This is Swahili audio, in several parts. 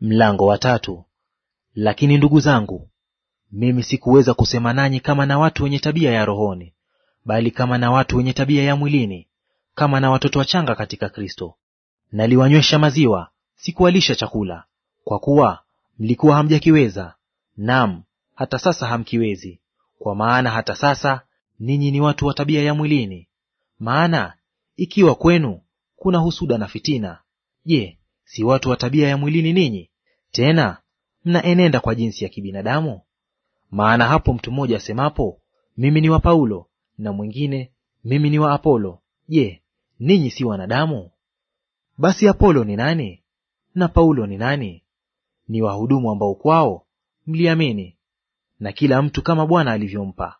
Mlango wa tatu. Lakini ndugu zangu, mimi sikuweza kusema nanyi kama na watu wenye tabia ya rohoni, bali kama na watu wenye tabia ya mwilini, kama na watoto wachanga katika Kristo. Naliwanywesha maziwa, sikuwalisha chakula, kwa kuwa mlikuwa hamjakiweza, naam, hata sasa hamkiwezi. Kwa maana hata sasa ninyi ni watu wa tabia ya mwilini. Maana ikiwa kwenu kuna husuda na fitina, je, Si watu wa tabia ya mwilini ninyi? Tena mnaenenda kwa jinsi ya kibinadamu? Maana hapo mtu mmoja asemapo, mimi ni wa Paulo, na mwingine, mimi ni wa Apolo, je, ninyi si wanadamu? Basi Apolo ni nani? Na Paulo ni nani? Ni wahudumu ambao kwao mliamini, na kila mtu kama Bwana alivyompa.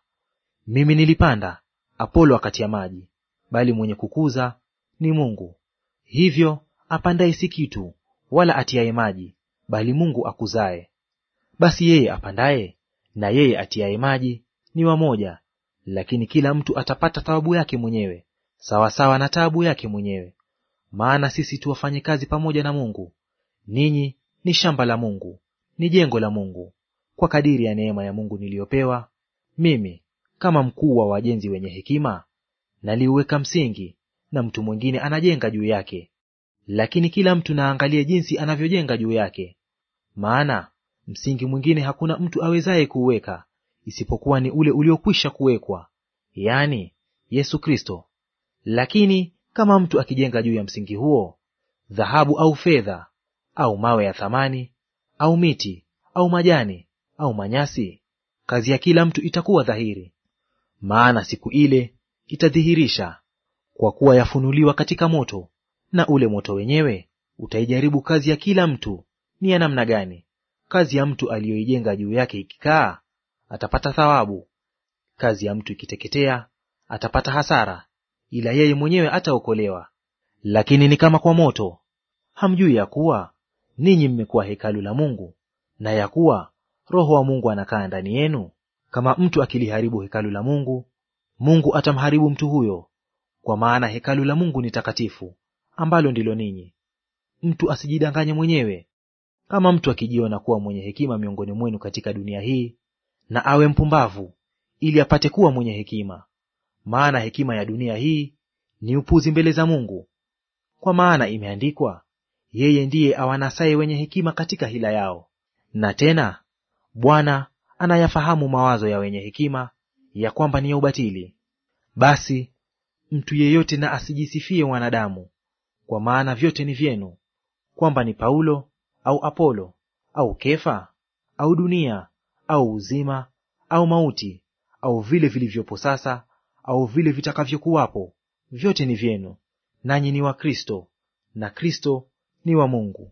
Mimi nilipanda, Apolo akatia maji, bali mwenye kukuza ni Mungu. Hivyo apandaye si kitu, wala atiaye maji, bali Mungu akuzaye. Basi yeye apandaye na yeye atiaye maji ni wamoja, lakini kila mtu atapata thawabu yake mwenyewe sawasawa na taabu yake mwenyewe. Maana sisi tu wafanye kazi pamoja na Mungu; ninyi ni shamba la Mungu, ni jengo la Mungu, kwa kadiri ya neema ya Mungu niliyopewa mimi kama mkuu wa wajenzi wenye hekima. Naliuweka msingi, na mtu mwingine anajenga juu yake lakini kila mtu naangalie jinsi anavyojenga juu yake. Maana msingi mwingine hakuna mtu awezaye kuuweka isipokuwa ni ule uliokwisha kuwekwa, yaani Yesu Kristo. Lakini kama mtu akijenga juu ya msingi huo dhahabu au fedha au mawe ya thamani au miti au majani au manyasi, kazi ya kila mtu itakuwa dhahiri, maana siku ile itadhihirisha, kwa kuwa yafunuliwa katika moto, na ule moto wenyewe utaijaribu kazi ya kila mtu ni ya namna gani. Kazi ya mtu aliyoijenga juu yake ikikaa, atapata thawabu; kazi ya mtu ikiteketea, atapata hasara, ila yeye mwenyewe ataokolewa, lakini ni kama kwa moto. Hamjui ya kuwa ninyi mmekuwa hekalu la Mungu, na ya kuwa Roho wa Mungu anakaa ndani yenu? Kama mtu akiliharibu hekalu la Mungu, Mungu atamharibu mtu huyo, kwa maana hekalu la Mungu ni takatifu, ambalo ndilo ninyi. Mtu asijidanganye mwenyewe. Kama mtu akijiona kuwa mwenye hekima miongoni mwenu katika dunia hii, na awe mpumbavu, ili apate kuwa mwenye hekima. Maana hekima ya dunia hii ni upuzi mbele za Mungu. Kwa maana imeandikwa, yeye ndiye awanasaye wenye hekima katika hila yao. Na tena, Bwana anayafahamu mawazo ya wenye hekima, ya kwamba ni ya ubatili. Basi mtu yeyote na asijisifie wanadamu, kwa maana vyote ni vyenu, kwamba ni Paulo au Apolo au Kefa au dunia au uzima au mauti au vile vilivyopo sasa au vile vitakavyokuwapo, vyote ni vyenu, nanyi ni wa Kristo, na Kristo ni wa Mungu.